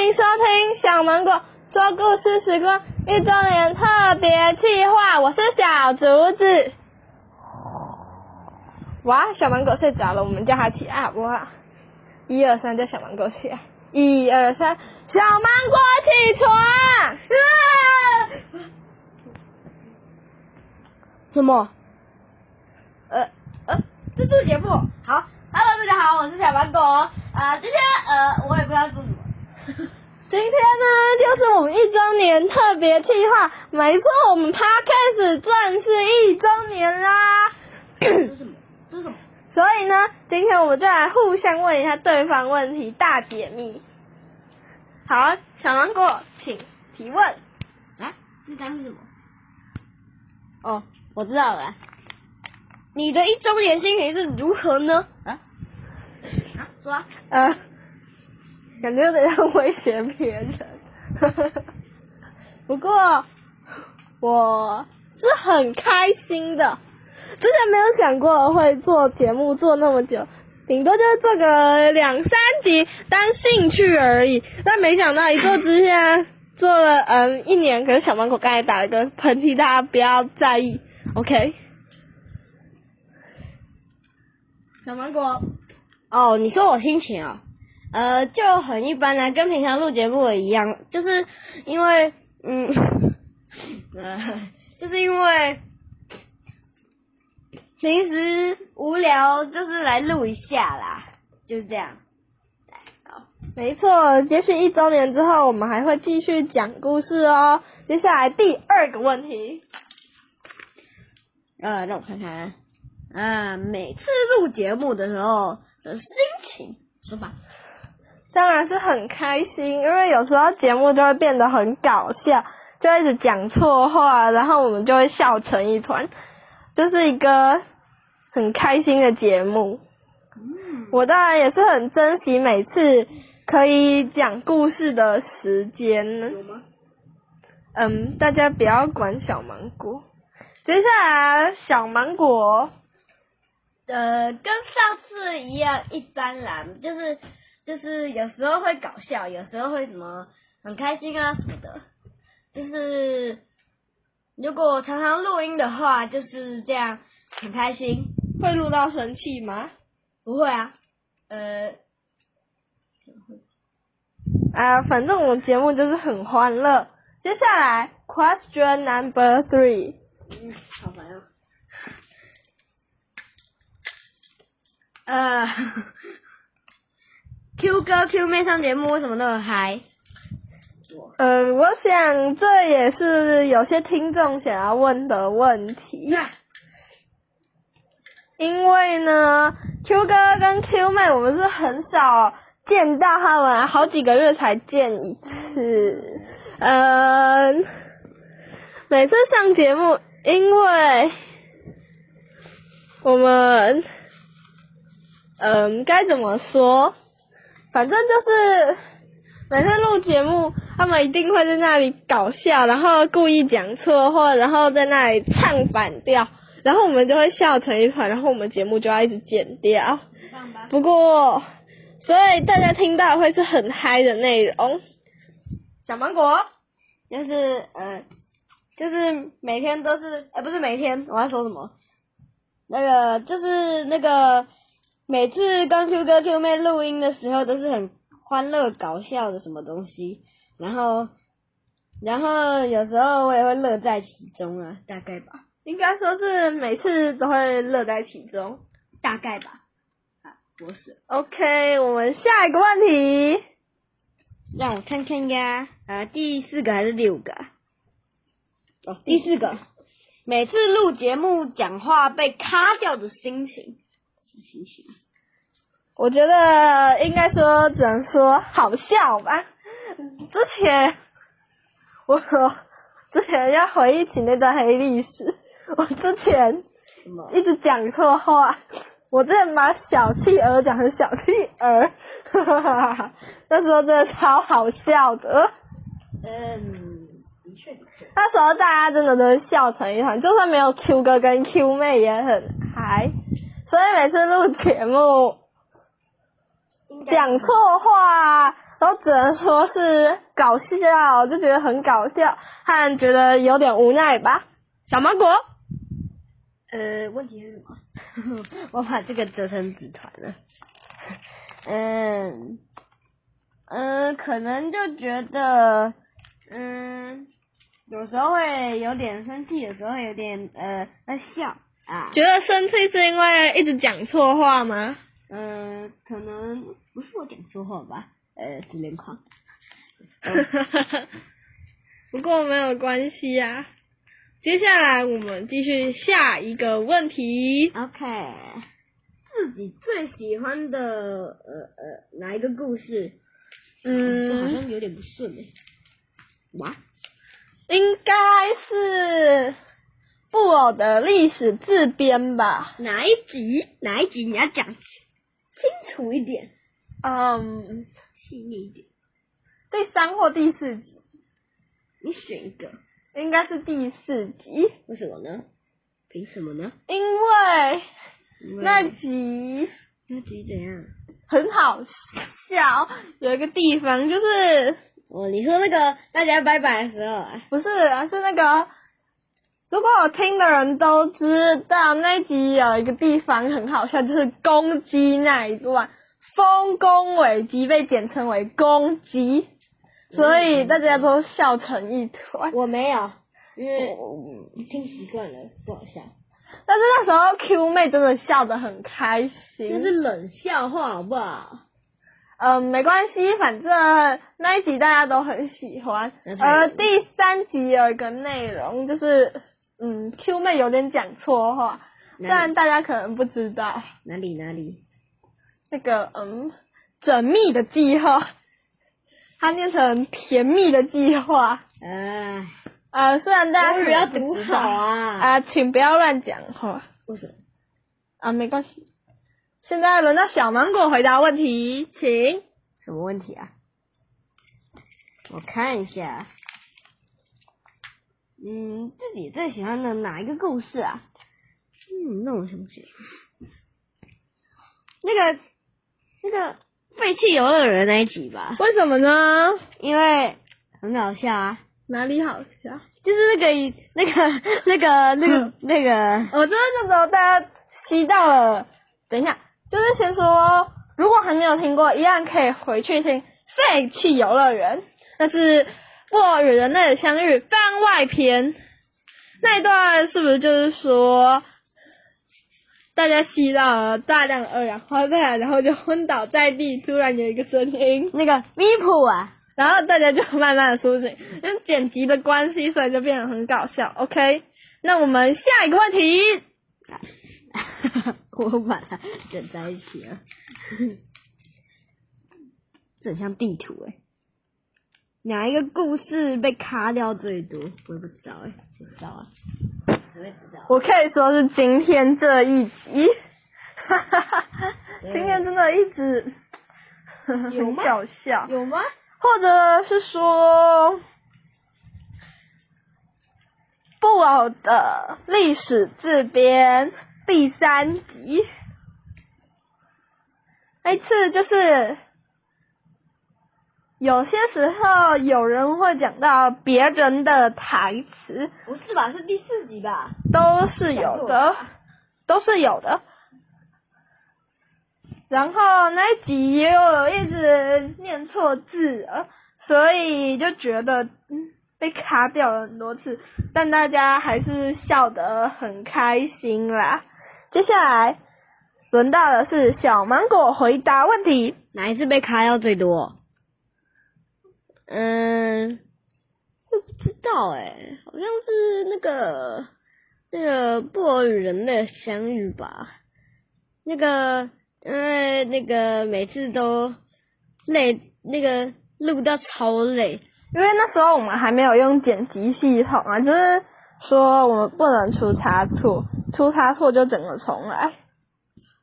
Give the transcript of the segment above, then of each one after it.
歡迎收聽小芒果說故事時光一周年特別企劃，我是小竹子。哇，小芒果睡着了，我們叫他起來好不好？一二三，1, 2, 3, 叫小芒果起來。一二三，小芒果起床。什、啊、麼？呃呃，這是這節目。好，Hello，大家好，我是小芒果。呃，今天呃，我也不知道做什麼。今天呢，就是我們一周年特別企劃。沒錯，我們 Podcast 正式一周年啦！ 這是什麼？這是什麼？所以呢，今天我們就來互相問一下對方問題，大解密。好，小芒果，請提問。啊？這張是什麼？哦，我知道了、啊。你的一周年心情是如何呢？啊？啊，說啊。呃感覺有點像威脅別人，呵呵呵，不過我是很開心的。之前沒有想過會做節目做那麼久，頂多就是做個兩三集當興趣而已。但沒想到一做之下做了嗯一年。可是小芒果剛才打了一個噴嚏，大家不要在意，OK？小芒果，哦，你說我心情啊？呃，就很一般呢，跟平常錄節目也一樣，就是因為，嗯，呃、就是因為平時無聊，就是來錄一下啦，就是這樣。沒錯，接續一周年之後，我們還會繼續講故事哦。接下來第二個問題，呃，讓我看看，啊、呃，每次錄節目的時候的心情，說吧。當然是很開心，因為有時候節目就會變得很搞笑，就會一直講錯話，然後我們就會笑成一團，就是一個很開心的節目。嗯、我當然也是很珍惜每次可以講故事的時間呢。有嗎？嗯，大家不要管小芒果，接下來小芒果，呃，跟上次一樣，一般藍，就是。就是有時候會搞笑，有時候會什麼很開心啊什麼的。就是如果常常錄音的話，就是這樣很開心。會錄到生氣嗎？不會啊。呃，啊，uh, 反正我們節目就是很歡樂。接下來，Question Number Three。嗯，好煩啊、哦。呃、uh。 Q 哥、Q 妹上節目為什麼那麼嗨？嗯，我想這也是有些聽眾想要問的問題。因為呢，Q 哥跟 Q 妹，我們是很少見到他們，好幾個月才見一次。嗯，每次上節目，因為我們，嗯，該怎麼說？反正就是每次錄節目，他們一定會在那裡搞笑，然後故意講錯話，然後在那裡唱反調，然後我們就會笑成一團，然後我們節目就要一直剪掉。不過，所以大家聽到會是很嗨的內容。小芒果就是嗯、呃，就是每天都是呃、欸，不是每天我要說什麼？那個就是那個。每次跟 Q 哥、Q 妹錄音的時候，都是很歡樂、搞笑的什麼東西，然後，然後有時候我也會樂在其中啊，大概吧。應該說是每次都會樂在其中，大概吧啊，不是。OK，我們下一個問題，讓我看看呀啊，第四個還是第五個？哦，第四個。個每次錄節目講話被卡掉的心情。行行，我覺得應該說只能說好笑吧。之前我說，之前要回憶起那段黑歷史，我之前一直講錯話，我真的把「小企鵝」講成「小企鵝」，哈哈，那時候真的超好笑的。嗯，的確的確。那時候大家真的都笑成一團，就算沒有 Q 哥跟 Q 妹也很嗨。所以每次錄節目講錯話，都只能說是搞笑，就覺得很搞笑，還覺得有點無奈吧。小芒果，呃，問題是什麼？ 我把這個折成紙團了。嗯，嗯、呃，可能就覺得，嗯，有時候會有點生氣，有時候會有點呃在笑。覺得生氣是因為一直講錯話嗎？嗯，可能不是我講錯話吧，呃，自戀狂。哈哈哈！不過沒有關係呀，啊，接下來我們繼續下一個問題。OK。自己最喜歡的呃呃哪一個故事？嗯，好像有點不順哎。嗎？應該是。布偶的歷史自編吧。哪一集？哪一集你要講清楚一點，嗯，細膩一點。第三或第四集，你選一個。應該是第四集。為什麼呢？憑什麼呢？因為那集。那集怎樣？很好笑，有一個地方就是……哦，你說那個大家拜拜的時候？不是啊，是那個。如果我聽的人都知道，那一集有一個地方很好笑，就是公雞那一段，豐功偉績被簡稱為公雞，所以大家都笑成一團。我沒有，因為我聽習慣了不好笑。但是那時候 Q 妹真的笑得很開心。這是冷笑話，好不好？嗯、呃，沒關係，反正那一集大家都很喜歡。太而第三集有一個內容就是。嗯，Q 妹有點講錯哈，雖然裡大家可能不知道哪裡哪裡，那個嗯，縝密的計劃，它念成甜蜜的計劃。哎、呃，啊、呃，雖然大家，不要讀好啊！啊、呃，請不要亂講哈。啊、呃，沒關係。現在輪到小芒果回答問題，請。什麼問題啊？我看一下。嗯，自己最喜歡的哪一個故事啊？嗯，那我想起那個那個廢棄遊樂園那一集吧？為什麼呢？因為很搞笑啊！哪裡好笑？就是那個那個那個那個那個……我真的就讓大家吸到了。等一下，就是先說，如果還沒有聽過，一樣可以回去聽《廢棄遊樂園》。但是。我與人類的相遇番外篇那一段是不是，就是說大家吸到了大量的二氧化碳，然後就昏倒在地，突然有一個聲音，那個咪普啊，然後大家就慢慢的甦醒。因為剪輯的關係，所以就變得很搞笑。 OK，那我們下一個問題。 我把它剪在一起了， 這很像地圖誒。哪一個故事被卡掉最多？我也不知道哎、欸，誰知道啊？只會知道啊，我可以說是今天這一集， 對今天真的一直有嗎？或者是說，布偶的歷史自編第三集，那次就是。有些時候有人會講到別人的台詞，不是吧？是第四集吧？都是有的，都是有的。然後那一集也有一直念錯字啊，所以就覺得，嗯，被卡掉了很多次，但大家還是笑得很開心啦。接下來輪到的是小芒果回答問題，哪一次被卡掉最多？嗯，我不知道哎、欸，好像是那個那個布偶與人類相遇吧？那個因為那個每次都累，那個錄到超累，因為那時候我們還沒有用剪輯系統啊，就是說我們不能出差錯，出差錯就整個重來。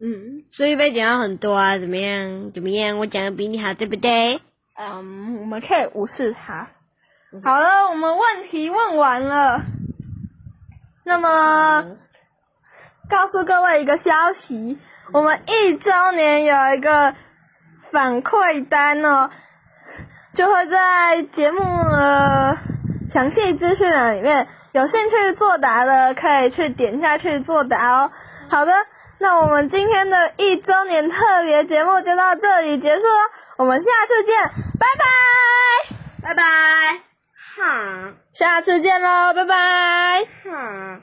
嗯，所以被剪了很多啊？怎麼樣？怎麼樣？我講的比你好，對不對？嗯，um, 我們可以無視他。Okay. 好了，我們問題問完了。那麼，um, 告訴各位一個消息，我們一周年有一個反饋單哦，就會在節目、呃、詳細資訊欄裡面。有興趣作答的可以去點下去作答哦。好的，那我們今天的一周年特別節目就到這裡結束了。我們下次見，拜拜，拜拜，好哈，下次見嘍，拜拜，好哈。